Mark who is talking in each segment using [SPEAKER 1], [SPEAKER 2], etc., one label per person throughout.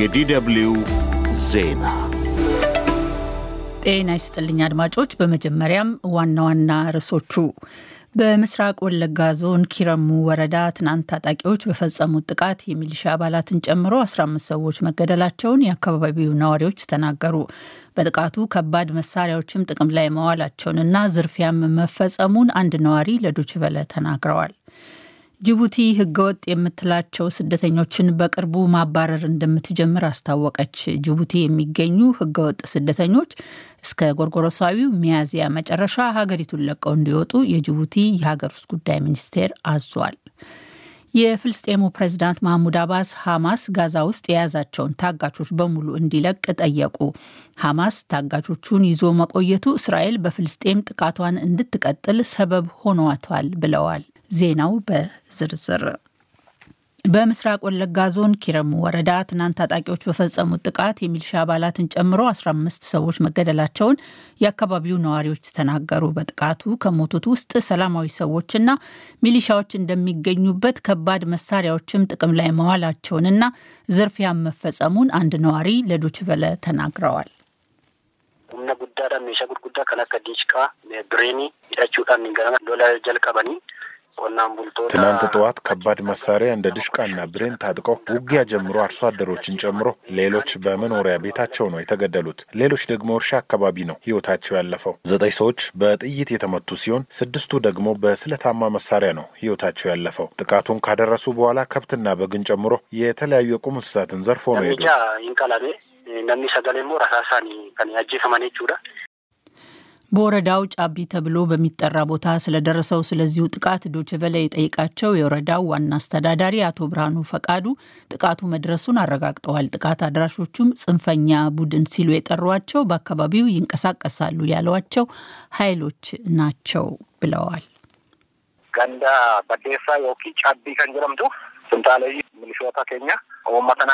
[SPEAKER 1] የዲደብሊው ዜና ጤና ይስጥልኝ አድማጮች። በመጀመሪያም ዋና ዋና ርዕሶቹ በምስራቅ ወለጋ ዞን ኪረሙ ወረዳ ትናንት ታጣቂዎች በፈጸሙት ጥቃት የሚሊሻ አባላትን ጨምሮ 15 ሰዎች መገደላቸውን የአካባቢው ነዋሪዎች ተናገሩ። በጥቃቱ ከባድ መሳሪያዎችም ጥቅም ላይ መዋላቸውንና ዝርፊያም መፈጸሙን አንድ ነዋሪ ለዶችቨለ ተናግረዋል። ጅቡቲ ህገወጥ የምትላቸው ስደተኞችን በቅርቡ ማባረር እንደምትጀምር አስታወቀች። ጅቡቲ የሚገኙ ህገወጥ ስደተኞች እስከ ጎርጎሮሳዊው ሚያዝያ መጨረሻ ሀገሪቱን ለቀው እንዲወጡ የጅቡቲ የሀገር ውስጥ ጉዳይ ሚኒስቴር አዟል። የፍልስጤሙ ፕሬዝዳንት ማህሙድ አባስ ሐማስ ጋዛ ውስጥ የያዛቸውን ታጋቾች በሙሉ እንዲለቅ ጠየቁ። ሐማስ ታጋቾቹን ይዞ መቆየቱ እስራኤል በፍልስጤም ጥቃቷን እንድትቀጥል ሰበብ ሆኗታል ብለዋል። ዜናው በዝርዝር በምስራቅ ወለጋ ዞን ኪረሙ ወረዳ ትናንት ታጣቂዎች በፈጸሙት ጥቃት የሚሊሻ አባላትን ጨምሮ 15 ሰዎች መገደላቸውን የአካባቢው ነዋሪዎች ተናገሩ። በጥቃቱ ከሞቱት ውስጥ ሰላማዊ ሰዎችና ሚሊሻዎች እንደሚገኙበት፣ ከባድ መሳሪያዎችም ጥቅም ላይ መዋላቸውንና ዝርፊያ መፈጸሙን አንድ ነዋሪ በለ ተናግረዋል። ጉዳዳ ሜሻ ጉድጉዳ ከናከ ዲጭቃ ብሬኒ ሂዳችሁን ገና ዶላ ጀልቀበኒ ትናንት ጠዋት ከባድ መሳሪያ እንደ ድሽቃና ብሬን ታጥቀው ውጊያ ጀምሮ አርሶ አደሮችን ጨምሮ ሌሎች በመኖሪያ ቤታቸው ነው የተገደሉት። ሌሎች ደግሞ እርሻ አካባቢ ነው ህይወታቸው ያለፈው። ዘጠኝ ሰዎች በጥይት የተመቱ ሲሆን ስድስቱ ደግሞ በስለታማ መሳሪያ ነው ህይወታቸው ያለፈው። ጥቃቱን ካደረሱ በኋላ ከብትና በግን ጨምሮ የተለያዩ የቁም እንስሳትን ዘርፎ ነው ሄዱት። በወረዳው ጫቢ ተብሎ በሚጠራ ቦታ ስለደረሰው ስለዚሁ ጥቃት ዶችቨለ የጠይቃቸው የወረዳው ዋና አስተዳዳሪ አቶ ብርሃኑ ፈቃዱ ጥቃቱ መድረሱን አረጋግጠዋል። ጥቃት አድራሾቹም ጽንፈኛ ቡድን ሲሉ የጠሯቸው በአካባቢው ይንቀሳቀሳሉ ያሏቸው ኃይሎች ናቸው ብለዋል። ገንዳ በዴሳ ጫቢ ከንጀረምቱ ስልጣለይ ምልሾታ ኬኛ ኡመተን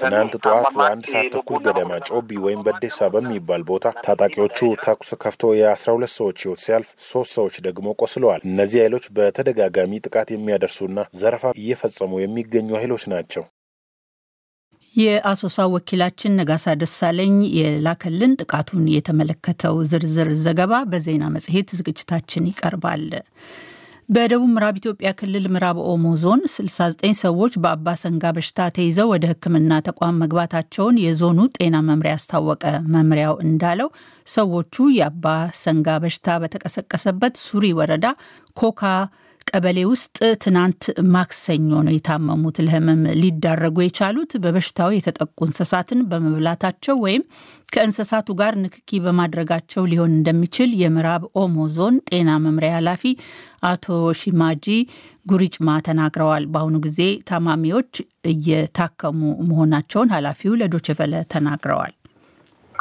[SPEAKER 1] ትናንት ጠዋት ለአንድ ሰዓት ተኩል ገደማ ጮቢ ወይም በዴሳ በሚባል ቦታ ታጣቂዎቹ ተኩስ ከፍቶ የአስራ ሁለት ሰዎች ህይወት ሲያልፍ ሶስት ሰዎች ደግሞ ቆስለዋል። እነዚህ ኃይሎች በተደጋጋሚ ጥቃት የሚያደርሱና ዘረፋ እየፈጸሙ የሚገኙ ኃይሎች ናቸው። የአሶሳ ወኪላችን ነጋሳ ደሳለኝ የላከልን ጥቃቱን የተመለከተው ዝርዝር ዘገባ በዜና መጽሔት ዝግጅታችን ይቀርባል። በደቡብ ምዕራብ ኢትዮጵያ ክልል ምዕራብ ኦሞ ዞን 69 ሰዎች በአባ ሰንጋ በሽታ ተይዘው ወደ ሕክምና ተቋም መግባታቸውን የዞኑ ጤና መምሪያ አስታወቀ። መምሪያው እንዳለው ሰዎቹ የአባ ሰንጋ በሽታ በተቀሰቀሰበት ሱሪ ወረዳ ኮካ ቀበሌ ውስጥ ትናንት ማክሰኞ ነው የታመሙት። ለህመም ሊዳረጉ የቻሉት በበሽታው የተጠቁ እንስሳትን በመብላታቸው ወይም ከእንስሳቱ ጋር ንክኪ በማድረጋቸው ሊሆን እንደሚችል የምዕራብ ኦሞ ዞን ጤና መምሪያ ኃላፊ አቶ ሺማጂ ጉሪጭማ ተናግረዋል። በአሁኑ ጊዜ ታማሚዎች እየታከሙ መሆናቸውን ኃላፊው ለዶችቨለ ተናግረዋል።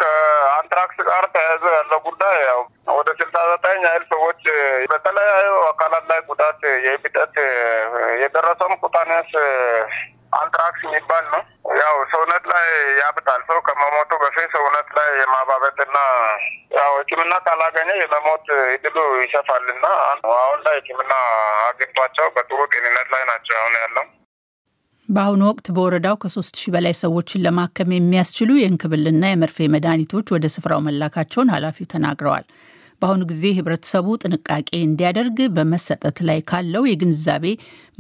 [SPEAKER 1] ከአንትራክስ ጋር ተያያዘ ያለው ጉዳይ ያው ወደ ስልሳ ዘጠኝ ያህል ሰዎች በተለያዩ ለሞት እድሉ ይሰፋል እና አሁን ላይ ሕክምና አግኝቷቸው በጥሩ ጤንነት ላይ ናቸው አሁን ያለው። በአሁኑ ወቅት በወረዳው ከሶስት ሺህ በላይ ሰዎችን ለማከም የሚያስችሉ የእንክብልና የመርፌ መድኃኒቶች ወደ ስፍራው መላካቸውን ኃላፊው ተናግረዋል። በአሁኑ ጊዜ ህብረተሰቡ ጥንቃቄ እንዲያደርግ በመሰጠት ላይ ካለው የግንዛቤ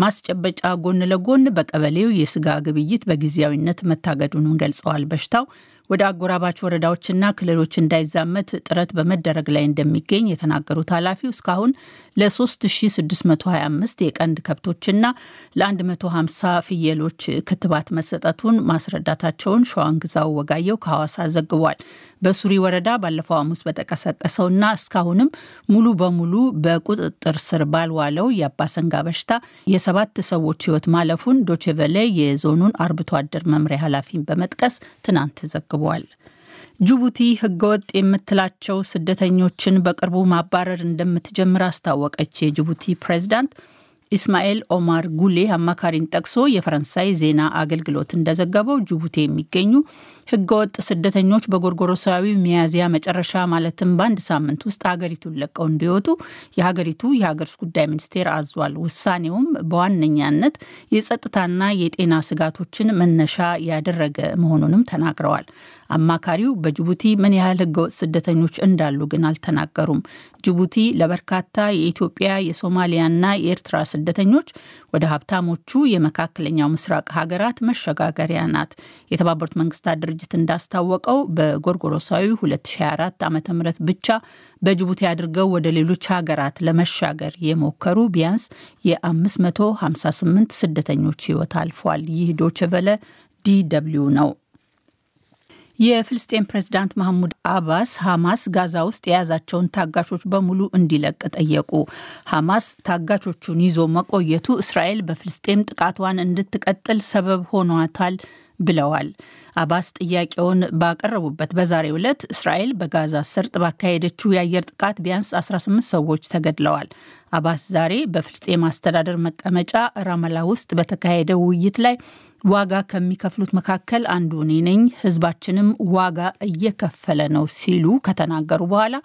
[SPEAKER 1] ማስጨበጫ ጎን ለጎን በቀበሌው የስጋ ግብይት በጊዜያዊነት መታገዱንም ገልጸዋል። በሽታው ወደ አጎራባች ወረዳዎችና ክልሎች እንዳይዛመት ጥረት በመደረግ ላይ እንደሚገኝ የተናገሩት ኃላፊው እስካሁን ለ3625 የቀንድ ከብቶችና ለ150 ፍየሎች ክትባት መሰጠቱን ማስረዳታቸውን ሸዋንግዛው ወጋየው ከሐዋሳ ዘግቧል። በሱሪ ወረዳ ባለፈው ሐሙስ በተቀሰቀሰውና እስካሁንም ሙሉ በሙሉ በቁጥጥር ስር ባልዋለው የአባሰንጋ በሽታ የሰባት ሰዎች ህይወት ማለፉን ዶቼ የዞኑን አርብቶ አደር መምሪያ ኃላፊን በመጥቀስ ትናንት ዘግቧል። አስመዝግቧል። ጅቡቲ ህገወጥ የምትላቸው ስደተኞችን በቅርቡ ማባረር እንደምትጀምር አስታወቀች። የጅቡቲ ፕሬዝዳንት ኢስማኤል ኦማር ጉሌ አማካሪን ጠቅሶ የፈረንሳይ ዜና አገልግሎት እንደዘገበው ጅቡቲ የሚገኙ ህገወጥ ስደተኞች በጎርጎሮሳዊ ሚያዝያ መጨረሻ ማለትም በአንድ ሳምንት ውስጥ ሀገሪቱን ለቀው እንዲወጡ የሀገሪቱ የሀገር ውስጥ ጉዳይ ሚኒስቴር አዟል። ውሳኔውም በዋነኛነት የጸጥታና የጤና ስጋቶችን መነሻ ያደረገ መሆኑንም ተናግረዋል። አማካሪው በጅቡቲ ምን ያህል ህገወጥ ስደተኞች እንዳሉ ግን አልተናገሩም። ጅቡቲ ለበርካታ የኢትዮጵያ የሶማሊያና የኤርትራ ስደተኞች ወደ ሀብታሞቹ የመካከለኛው ምስራቅ ሀገራት መሸጋገሪያ ናት። የተባበሩት መንግስታት ድርጅት እንዳስታወቀው በጎርጎሮሳዊ 2024 ዓ ም ብቻ በጅቡቲ አድርገው ወደ ሌሎች ሀገራት ለመሻገር የሞከሩ ቢያንስ የ558 ስደተኞች ህይወት አልፏል። ይህ ዶችቨለ ዲ ደብልዩ ነው። የፍልስጤን ፕሬዝዳንት ማህሙድ አባስ ሐማስ ጋዛ ውስጥ የያዛቸውን ታጋቾች በሙሉ እንዲለቅ ጠየቁ። ሐማስ ታጋቾቹን ይዞ መቆየቱ እስራኤል በፍልስጤም ጥቃቷን እንድትቀጥል ሰበብ ሆኗታል ብለዋል። አባስ ጥያቄውን ባቀረቡበት በዛሬ ዕለት እስራኤል በጋዛ ሰርጥ ባካሄደችው የአየር ጥቃት ቢያንስ 18 ሰዎች ተገድለዋል። አባስ ዛሬ በፍልስጤም አስተዳደር መቀመጫ ራማላ ውስጥ በተካሄደው ውይይት ላይ ዋጋ ከሚከፍሉት መካከል አንዱ እኔ ነኝ፣ ህዝባችንም ዋጋ እየከፈለ ነው ሲሉ ከተናገሩ በኋላ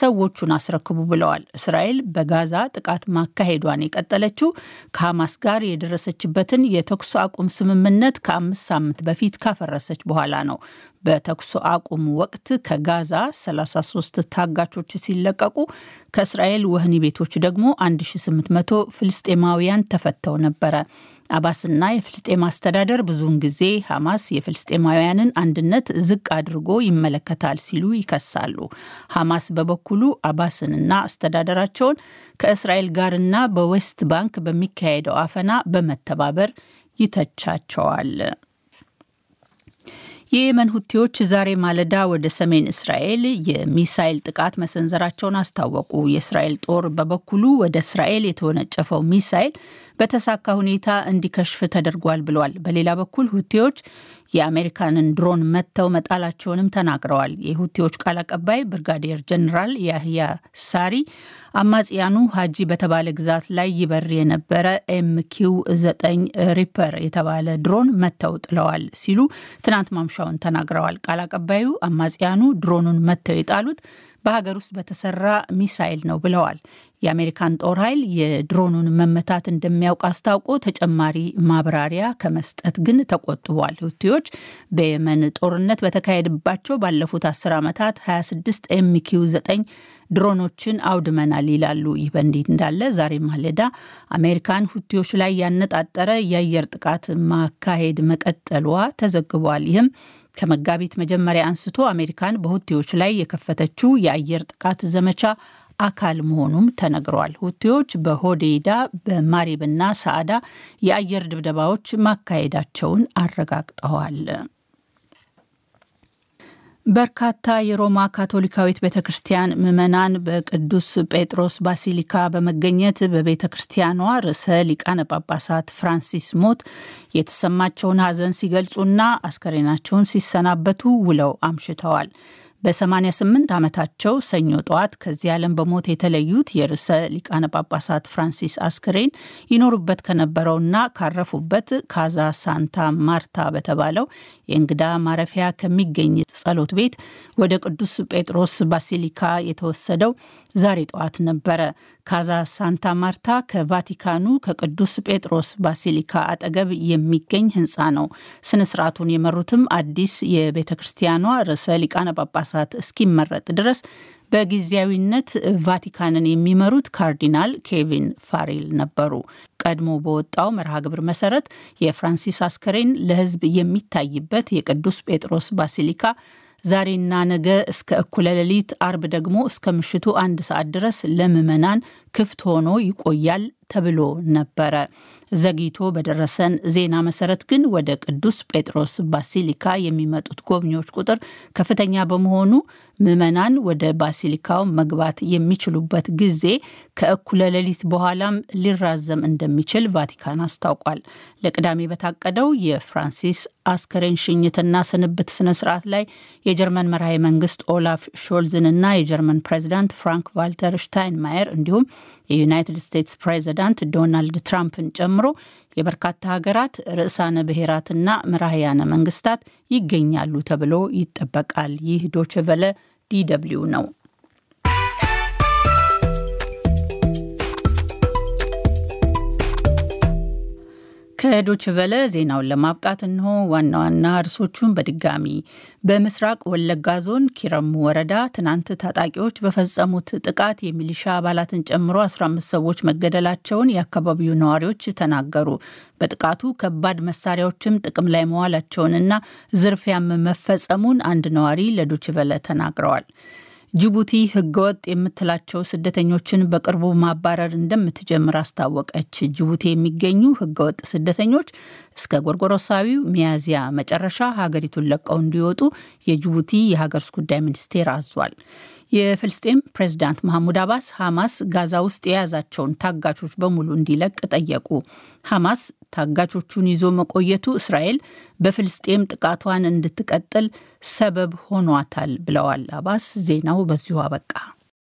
[SPEAKER 1] ሰዎቹን አስረክቡ ብለዋል። እስራኤል በጋዛ ጥቃት ማካሄዷን የቀጠለችው ከሐማስ ጋር የደረሰችበትን የተኩስ አቁም ስምምነት ከአምስት ሳምንት በፊት ካፈረሰች በኋላ ነው። በተኩስ አቁም ወቅት ከጋዛ 33 ታጋቾች ሲለቀቁ ከእስራኤል ወህኒ ቤቶች ደግሞ 1800 ፍልስጤማውያን ተፈተው ነበረ። አባስና የፍልስጤም አስተዳደር ብዙውን ጊዜ ሐማስ የፍልስጤማውያንን አንድነት ዝቅ አድርጎ ይመለከታል ሲሉ ይከሳሉ። ሐማስ በበኩሉ አባስንና አስተዳደራቸውን ከእስራኤል ጋርና በዌስት ባንክ በሚካሄደው አፈና በመተባበር ይተቻቸዋል። የየመን ሁቲዎች ዛሬ ማለዳ ወደ ሰሜን እስራኤል የሚሳይል ጥቃት መሰንዘራቸውን አስታወቁ። የእስራኤል ጦር በበኩሉ ወደ እስራኤል የተወነጨፈው ሚሳይል በተሳካ ሁኔታ እንዲከሽፍ ተደርጓል ብሏል። በሌላ በኩል ሁቴዎች የአሜሪካንን ድሮን መጥተው መጣላቸውንም ተናግረዋል። የሁቲዎች ቃል አቀባይ ብርጋዴር ጀኔራል ያህያ ሳሪ አማጽያኑ ሀጂ በተባለ ግዛት ላይ ይበር የነበረ ኤምኪው ዘጠኝ ሪፐር የተባለ ድሮን መጥተው ጥለዋል ሲሉ ትናንት ማምሻውን ተናግረዋል። ቃል አቀባዩ አማጽያኑ ድሮኑን መጥተው የጣሉት በሀገር ውስጥ በተሰራ ሚሳይል ነው ብለዋል። የአሜሪካን ጦር ኃይል የድሮኑን መመታት እንደሚያውቅ አስታውቆ ተጨማሪ ማብራሪያ ከመስጠት ግን ተቆጥቧል። ሁቲዎች በየመን ጦርነት በተካሄደባቸው ባለፉት አስር ዓመታት 26 ኤምኪው 9 ድሮኖችን አውድመናል ይላሉ። ይህ በእንዲህ እንዳለ ዛሬ ማለዳ አሜሪካን ሁቲዎች ላይ ያነጣጠረ የአየር ጥቃት ማካሄድ መቀጠሏ ተዘግቧል። ይህም ከመጋቢት መጀመሪያ አንስቶ አሜሪካን በሁቲዎች ላይ የከፈተችው የአየር ጥቃት ዘመቻ አካል መሆኑም ተነግሯል። ሁቲዎች በሆዴይዳ በማሪብና ሰዓዳ የአየር ድብደባዎች ማካሄዳቸውን አረጋግጠዋል። በርካታ የሮማ ካቶሊካዊት ቤተ ክርስቲያን ምዕመናን በቅዱስ ጴጥሮስ ባሲሊካ በመገኘት በቤተ ክርስቲያኗ ርዕሰ ሊቃነ ጳጳሳት ፍራንሲስ ሞት የተሰማቸውን ሐዘን ሲገልጹና አስከሬናቸውን ሲሰናበቱ ውለው አምሽተዋል። በ88 ዓመታቸው ሰኞ ጠዋት ከዚህ ዓለም በሞት የተለዩት የርዕሰ ሊቃነ ጳጳሳት ፍራንሲስ አስክሬን ይኖሩበት ከነበረውና ካረፉበት ካዛ ሳንታ ማርታ በተባለው የእንግዳ ማረፊያ ከሚገኝ ጸሎት ቤት ወደ ቅዱስ ጴጥሮስ ባሲሊካ የተወሰደው ዛሬ ጠዋት ነበረ። ካዛ ሳንታ ማርታ ከቫቲካኑ ከቅዱስ ጴጥሮስ ባሲሊካ አጠገብ የሚገኝ ህንፃ ነው። ስነስርዓቱን የመሩትም አዲስ የቤተ ክርስቲያኗ ርዕሰ ሊቃነ ጳጳሳት ጳጳሳት እስኪመረጥ ድረስ በጊዜያዊነት ቫቲካንን የሚመሩት ካርዲናል ኬቪን ፋሪል ነበሩ። ቀድሞ በወጣው መርሃ ግብር መሰረት የፍራንሲስ አስከሬን ለሕዝብ የሚታይበት የቅዱስ ጴጥሮስ ባሲሊካ ዛሬና ነገ እስከ እኩለ ሌሊት፣ አርብ ደግሞ እስከ ምሽቱ አንድ ሰዓት ድረስ ለምዕመናን ክፍት ሆኖ ይቆያል ተብሎ ነበረ። ዘግይቶ በደረሰን ዜና መሰረት ግን ወደ ቅዱስ ጴጥሮስ ባሲሊካ የሚመጡት ጎብኚዎች ቁጥር ከፍተኛ በመሆኑ ምዕመናን ወደ ባሲሊካው መግባት የሚችሉበት ጊዜ ከእኩለ ሌሊት በኋላም ሊራዘም እንደሚችል ቫቲካን አስታውቋል። ለቅዳሜ በታቀደው የፍራንሲስ አስከሬን ሽኝትና ስንብት ስነ ስርዓት ላይ የጀርመን መርሃዊ መንግስት ኦላፍ ሾልዝንና የጀርመን ፕሬዚዳንት ፍራንክ ቫልተር ሽታይንማየር እንዲሁም የዩናይትድ ስቴትስ ፕሬዚዳንት ዶናልድ ትራምፕን ጨምሮ የበርካታ ሀገራት ርዕሳነ ብሔራትና መራህያነ መንግስታት ይገኛሉ ተብሎ ይጠበቃል። ይህ ዶችቨለ ዲ ነው። ከዶች በለ ዜናውን ለማብቃት እንሆ ዋና ዋና እርሶቹን በድጋሚ በምስራቅ ወለጋ ዞን ኪረሙ ወረዳ ትናንት ታጣቂዎች በፈጸሙት ጥቃት የሚሊሻ አባላትን ጨምሮ 15 ሰዎች መገደላቸውን የአካባቢው ነዋሪዎች ተናገሩ። በጥቃቱ ከባድ መሳሪያዎችም ጥቅም ላይ መዋላቸውንና ዝርፊያም መፈጸሙን አንድ ነዋሪ ለዶች ተናግረዋል። ጅቡቲ ህገወጥ የምትላቸው ስደተኞችን በቅርቡ ማባረር እንደምትጀምር አስታወቀች። ጅቡቲ የሚገኙ ህገወጥ ስደተኞች እስከ ጎርጎሮሳዊው ሚያዝያ መጨረሻ ሀገሪቱን ለቀው እንዲወጡ የጅቡቲ የሀገር ውስጥ ጉዳይ ሚኒስቴር አዟል። የፍልስጤም ፕሬዝዳንት መሐሙድ አባስ ሐማስ ጋዛ ውስጥ የያዛቸውን ታጋቾች በሙሉ እንዲለቅ ጠየቁ። ሐማስ ታጋቾቹን ይዞ መቆየቱ እስራኤል በፍልስጤም ጥቃቷን እንድትቀጥል ሰበብ ሆኗታል ብለዋል አባስ። ዜናው በዚሁ አበቃ።